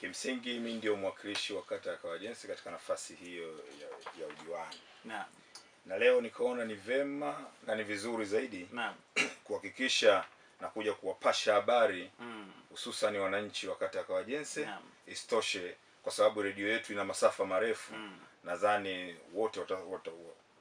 Kimsingi mimi ndio mwakilishi wa kata ya Kawajense katika nafasi hiyo ya, ya udiwani na, na leo nikaona ni vema na ni vizuri zaidi kuhakikisha na kuja kuwapasha habari hususani mm. wananchi wa kata ya Kawajense Isitoshe, kwa sababu redio yetu ina masafa marefu mm. nadhani wote wata, wata,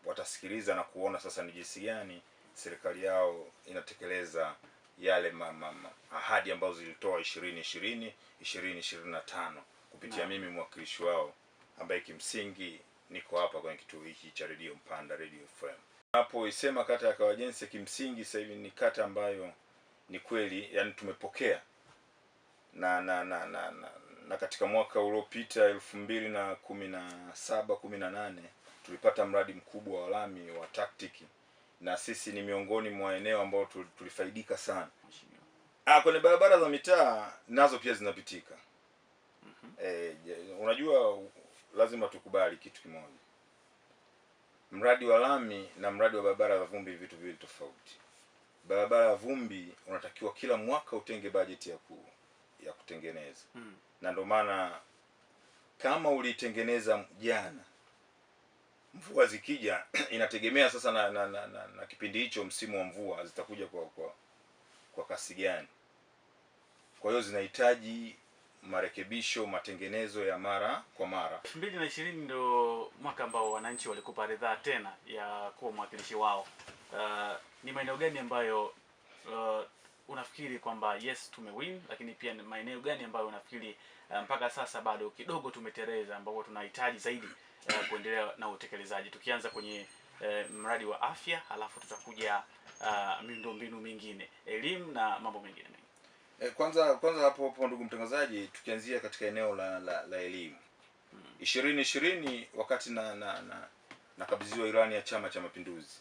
watasikiliza na kuona sasa ni jinsi gani serikali yao inatekeleza yale ma, ma, ma, ahadi ambazo zilitoa ishirini ishirini ishirini ishirini na tano kupitia mimi mwakilishi wao ambaye kimsingi niko hapa kwenye kituo hiki cha redio Mpanda Radio FM. isema kata ya Kawajense, kimsingi sasa hivi ni kata ambayo ni kweli yani tumepokea na na na, na, na, na katika mwaka uliopita elfu mbili na kumi na saba kumi na nane tulipata mradi mkubwa wa lami wa taktiki na sisi ni miongoni mwa eneo ambao tulifaidika sana. Ah, kwenye barabara za mitaa nazo pia zinapitika. mm -hmm. E, unajua lazima tukubali kitu kimoja, mradi wa lami na mradi wa barabara za vumbi vitu viwili tofauti. Barabara ya vumbi unatakiwa kila mwaka utenge bajeti ya ku, ya kutengeneza mm na ndio maana kama ulitengeneza jana mvua zikija inategemea sasa na, na, na, na, na kipindi hicho msimu wa mvua zitakuja kwa, kwa, kwa kasi gani. Kwa hiyo zinahitaji marekebisho, matengenezo ya mara kwa mara. elfu mbili na ishirini ndio mwaka ambao wananchi walikupa ridhaa tena ya kuwa mwakilishi wao. Uh, ni maeneo gani ambayo uh, unafikiri kwamba yes tumewin, lakini pia maeneo gani ambayo unafikiri uh, mpaka sasa bado kidogo tumetereza, ambapo tunahitaji zaidi uh, kuendelea na utekelezaji, tukianza kwenye uh, mradi wa afya, halafu tutakuja uh, ah, miundombinu mingine, elimu na mambo mengine mengi. E, kwanza kwanza hapo hapo, ndugu mtangazaji, tukianzia katika eneo la la, la elimu hmm. ishirini ishirini wakati na na, na, na ilani ya Chama cha Mapinduzi,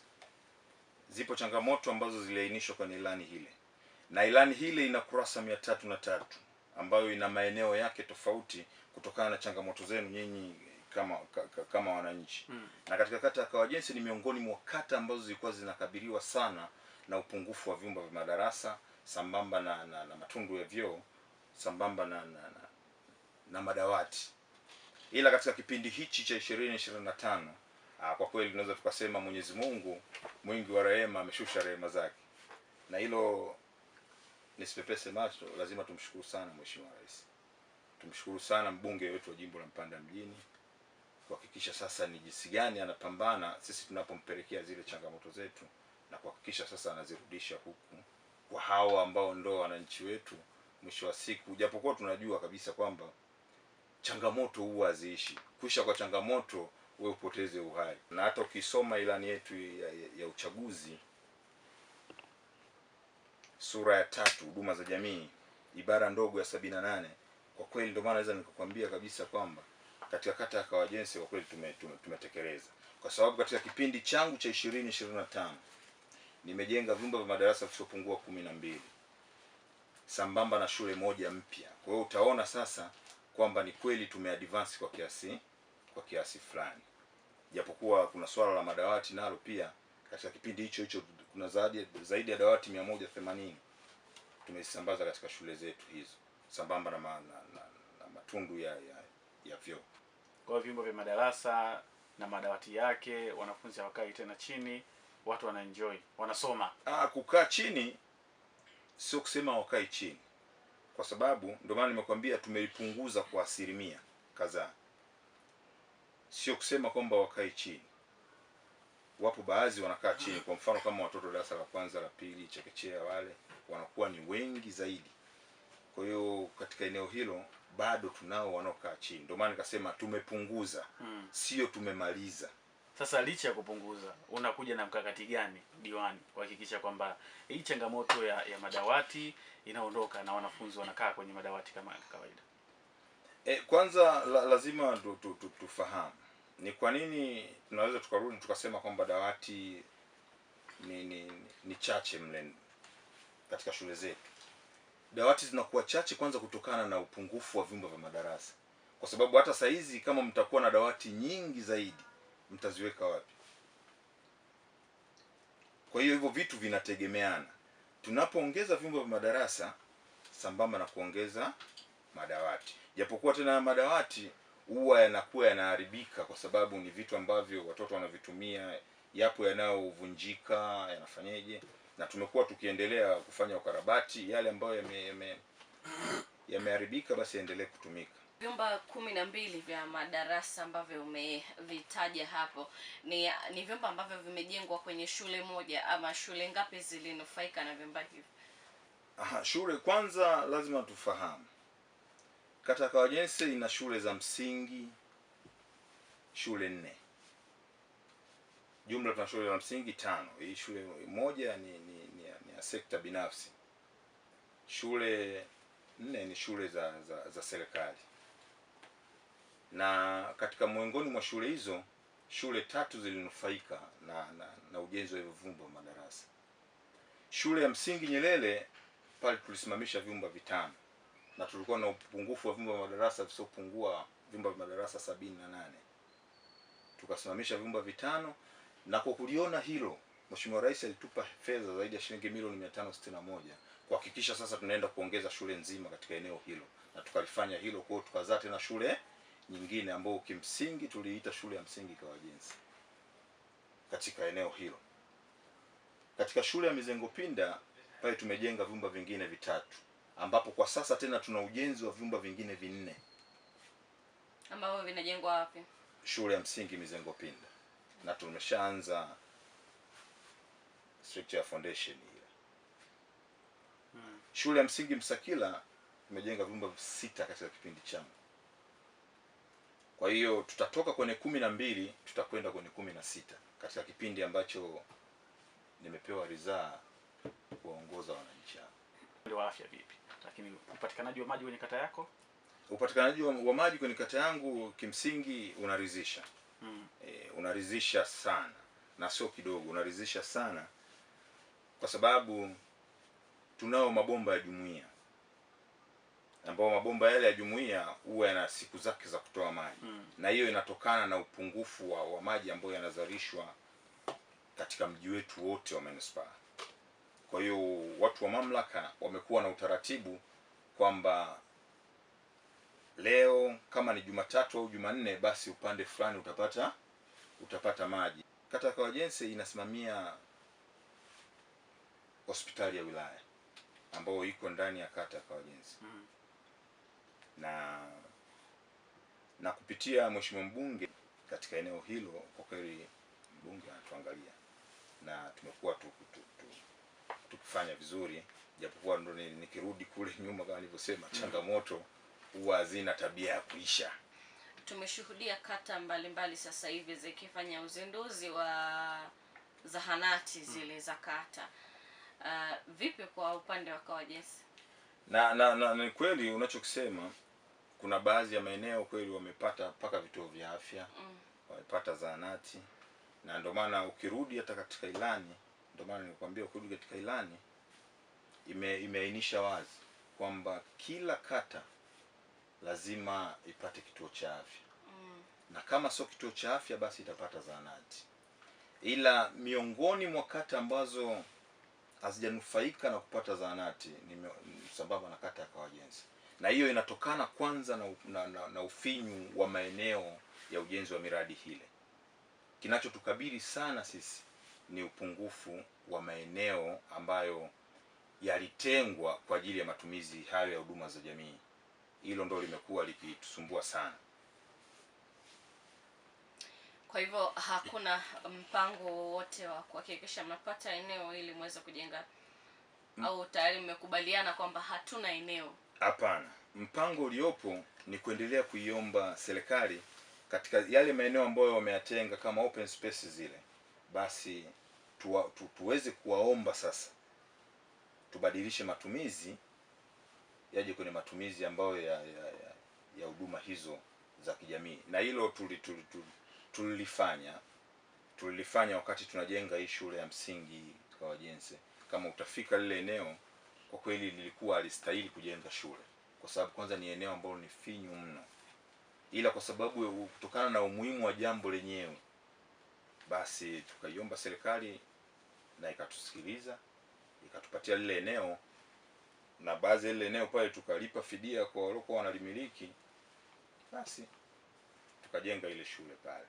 zipo changamoto ambazo ziliainishwa kwenye ilani hile, na ilani hile ina kurasa mia tatu na tatu ambayo ina maeneo yake tofauti kutokana na changamoto zenu nyinyi kama ka, kama wananchi mm. Na katika kata ya Kawajensi ni miongoni mwa kata ambazo zilikuwa zinakabiliwa sana na upungufu wa vyumba vya madarasa sambamba na, na, na matundu ya vyoo sambamba na, na, na, na madawati, ila katika kipindi hichi cha ishirini ah, kwa kweli tunaweza tukasema Mwenyezi Mungu mwingi wa rehema ameshusha rehema zake, na hilo nisipepese macho, lazima tumshukuru sana Mheshimiwa Rais, tumshukuru sana mbunge wetu wa jimbo la Mpanda mjini kuhakikisha sasa ni jinsi gani anapambana sisi tunapompelekea zile changamoto zetu na kuhakikisha sasa anazirudisha huku kwa hao ambao ndo wananchi wetu mwisho wa siku, japokuwa tunajua kabisa kwamba changamoto huwa haziishi, kuisha kwa changamoto we upoteze uhai. Na hata ukisoma ilani yetu ya, ya, ya uchaguzi sura ya tatu huduma za jamii ibara ndogo ya sabini na nane kwa kweli, ndio maana naweza nikakwambia kabisa kwamba katika kata ya Kawajense kwa kweli tumetekeleza, kwa sababu katika kipindi changu cha ishirini ishirini na tano nimejenga vyumba vya madarasa visiopungua kumi na mbili sambamba na shule moja mpya. Kwa hiyo utaona sasa kwamba ni kweli tumeadvance kwa kiasi kwa kiasi fulani, japokuwa kuna swala la madawati nalo pia katika kipindi hicho hicho kuna zaidi, zaidi ya dawati 180 tumezisambaza katika shule zetu hizo sambamba na, ma, na, na, na matundu ya, ya ya vyuo. Kwa hiyo vyumba vya madarasa na madawati yake, wanafunzi hawakai tena chini, watu wanaenjoy, wanasoma. Ah, kukaa chini sio kusema wakai chini, kwa sababu ndio maana nimekuambia tumeipunguza kwa asilimia kadhaa. Sio kusema kwamba wakae chini, wapo baadhi wanakaa chini. Kwa mfano kama watoto darasa la kwanza, la pili, chekechea, wale wanakuwa ni wengi zaidi kwa hiyo katika eneo hilo bado tunao wanaokaa chini, ndio maana nikasema tumepunguza hmm. Sio tumemaliza. Sasa licha ya kupunguza, unakuja na mkakati gani diwani kuhakikisha kwamba hii changamoto ya, ya madawati inaondoka na wanafunzi wanakaa kwenye madawati kama kawaida? E, kwanza la, lazima tu, tu, tu, tufahamu ni kwa nini tunaweza tukarudi tukasema kwamba dawati ni, ni, ni chache mle katika shule zetu dawati zinakuwa chache, kwanza kutokana na upungufu wa vyumba vya madarasa, kwa sababu hata saizi kama mtakuwa na dawati nyingi zaidi mtaziweka wapi? Kwa hiyo hivyo vitu vinategemeana. Tunapoongeza vyumba vya madarasa sambamba na kuongeza madawati, japokuwa tena madawati huwa yanakuwa yanaharibika kwa sababu ni vitu ambavyo watoto wanavitumia, yapo yanayovunjika, yanafanyeje na tumekuwa tukiendelea kufanya ukarabati, yale ambayo yame yameharibika basi yaendelee kutumika. Vyumba kumi na mbili vya madarasa ambavyo umevitaja hapo ni, ni vyumba ambavyo vimejengwa kwenye shule moja ama shule ngapi zilinufaika na vyumba hivyo? Aha, shule kwanza lazima tufahamu kata Kawajense ina shule za msingi shule nne. Jumla tuna shule za msingi tano. Hii shule moja ni, ni, ni, ni ya sekta binafsi, shule nne ni shule za, za, za serikali, na katika miongoni mwa shule hizo shule tatu zilinufaika na, na, na ujenzi wa hivyo vyumba vya madarasa. Shule ya msingi Nyerere pale tulisimamisha vyumba vitano na tulikuwa na upungufu wa vyumba vya madarasa visiopungua vyumba vya madarasa sabini na nane tukasimamisha vyumba vitano na kwa kuliona hilo Mheshimiwa Rais alitupa fedha zaidi ya shilingi milioni mia moja kuhakikisha sasa tunaenda kuongeza shule nzima katika eneo hilo, na tukalifanya hilo kwao, tukazaa tena shule nyingine ambayo kimsingi tuliita shule ya msingi Kawajenzi katika eneo hilo. Katika shule ya Mizengo Pinda pale tumejenga vyumba vingine vitatu, ambapo kwa sasa tena tuna ujenzi wa vyumba vingine vinne ambavyo vinajengwa wapi? Shule ya msingi Mizengo Pinda na tumeshaanza structure ya foundation ile. Hmm. Shule ya msingi Msakila tumejenga vyumba sita katika kipindi changu. Kwa hiyo tutatoka kwenye kumi na mbili tutakwenda kwenye kumi na sita katika kipindi ambacho nimepewa ridhaa kuwaongoza wananchi hao. Wa afya vipi? Lakini upatikanaji wa maji kwenye kata yako? Upatikanaji wa maji kwenye kata yangu kimsingi unaridhisha mm. e, unaridhisha sana na sio kidogo, unaridhisha sana kwa sababu tunao mabomba ya jumuiya ambayo mabomba yale ya jumuiya huwa yana siku zake za kutoa maji mm. na hiyo inatokana na upungufu wa, wa maji ambayo yanazalishwa katika mji wetu wote wa manispaa. Kwa hiyo watu wa mamlaka wamekuwa na utaratibu kwamba leo kama ni Jumatatu au Jumanne, basi upande fulani utapata utapata maji. Kata ya Kawajense inasimamia hospitali ya wilaya ambayo iko ndani ya kata ya Kawajense mm. na na kupitia mheshimiwa mbunge katika eneo hilo, kwa kweli mbunge anatuangalia na tumekuwa tukifanya vizuri, japokuwa ndo nikirudi kule nyuma kama nilivyosema, hmm. changamoto huwa hazina tabia ya kuisha. Tumeshuhudia kata mbalimbali mbali sasa hivi zikifanya uzinduzi wa zahanati hmm. zile hmm, za kata. Uh, vipi kwa upande wa Kawajesi? Na, na, na ni kweli unachokisema, kuna baadhi ya maeneo kweli wamepata mpaka vituo vya afya mm, wamepata zahanati na ndio maana ukirudi hata katika ilani, ndio maana nilikwambia ukirudi katika ilani imeainisha wazi kwamba kila kata lazima ipate kituo cha afya mm. na kama sio kituo cha afya basi itapata zahanati, ila miongoni mwa kata ambazo hazijanufaika na kupata zahanati ni sambamba na kata ya Kawajenzi, na hiyo inatokana kwanza na, na, na, na ufinyu wa maeneo ya ujenzi wa miradi hile. Kinachotukabili sana sisi ni upungufu wa maeneo ambayo yalitengwa kwa ajili ya matumizi hayo ya huduma za jamii hilo ndo limekuwa likitusumbua sana. Kwa hivyo hakuna mpango wowote wa kuhakikisha mnapata eneo ili muweze kujenga M au tayari mmekubaliana kwamba hatuna eneo? Hapana, mpango uliopo ni kuendelea kuiomba serikali katika yale maeneo ambayo wameyatenga kama open spaces zile, basi tuwa, tu, tuweze kuwaomba sasa tubadilishe matumizi yaje kwenye matumizi ambayo ya ya huduma hizo za kijamii, na hilo tulilifanya tulilifanya wakati tunajenga hii shule ya msingi Kawajense. Kama utafika lile eneo, kwa kweli lilikuwa alistahili kujenga shule, kwa sababu kwanza ni eneo ambalo ni finyu mno, ila kwa sababu kutokana na umuhimu wa jambo lenyewe, basi tukaiomba serikali na ikatusikiliza ikatupatia lile eneo na baadhi ya ile eneo pale tukalipa fidia kwa waliokuwa wanalimiliki, basi tukajenga ile shule pale.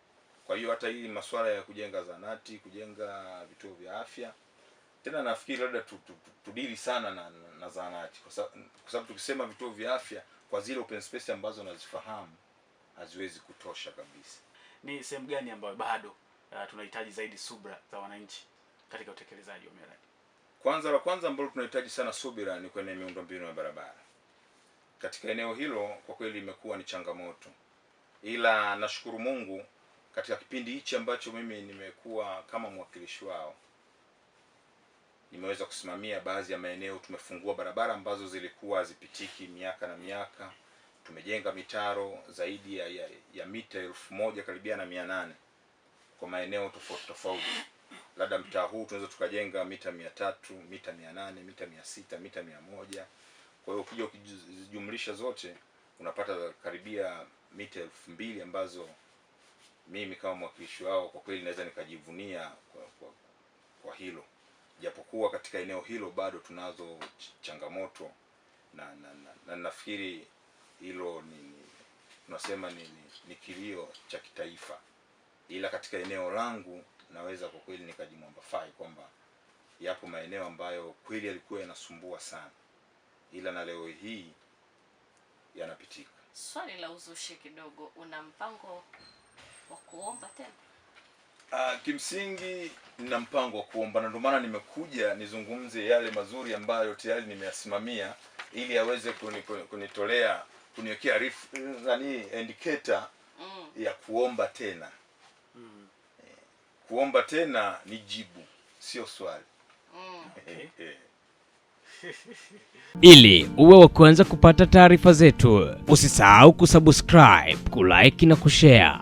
Kwa hiyo hata hii masuala ya kujenga zanati, kujenga vituo vya afya, tena nafikiri labda tudili sana na, na, na zanati, kwa sababu tukisema vituo vya afya kwa zile open space ambazo nazifahamu haziwezi kutosha kabisa. Ni sehemu gani ambayo bado uh, tunahitaji zaidi subra za wananchi katika utekelezaji wa miradi? Kwanza la kwanza ambalo tunahitaji sana subira ni kwenye miundombinu ya barabara. Katika eneo hilo kwa kweli imekuwa ni changamoto, ila nashukuru Mungu katika kipindi hichi ambacho mimi nimekuwa kama mwakilishi wao, nimeweza kusimamia baadhi ya maeneo. Tumefungua barabara ambazo zilikuwa hazipitiki miaka na miaka, tumejenga mitaro zaidi ya, ya, ya mita elfu moja karibia na mia nane kwa maeneo tofauti tofauti labda mtaa huu tunaweza tukajenga mita mia tatu mita mia nane mita mia sita mita mia moja Kwa hiyo ukija ukijumlisha zote unapata karibia mita elfu mbili ambazo mimi kama mwakilishi wao kwa kweli naweza nikajivunia kwa, kwa, kwa hilo, japokuwa katika eneo hilo bado tunazo changamoto na, na, na, na nafikiri hilo ni tunasema ni, ni, ni kilio cha kitaifa, ila katika eneo langu naweza kwa kweli nikajimwambafai kwamba yapo maeneo ambayo kweli yalikuwa yanasumbua sana, ila na leo hii yanapitika. Swali la uzushi kidogo, una mpango wa kuomba tena? Uh, kimsingi nina mpango wa kuomba na ndio maana nimekuja nizungumze yale mazuri ambayo tayari nimeyasimamia ili aweze kunitolea kuniwekea nani indicator mm. ya kuomba tena mm kuomba tena ni jibu, sio swali. Mm. Ili uwe wa kwanza kupata taarifa zetu, usisahau kusubscribe, kulike na kushare.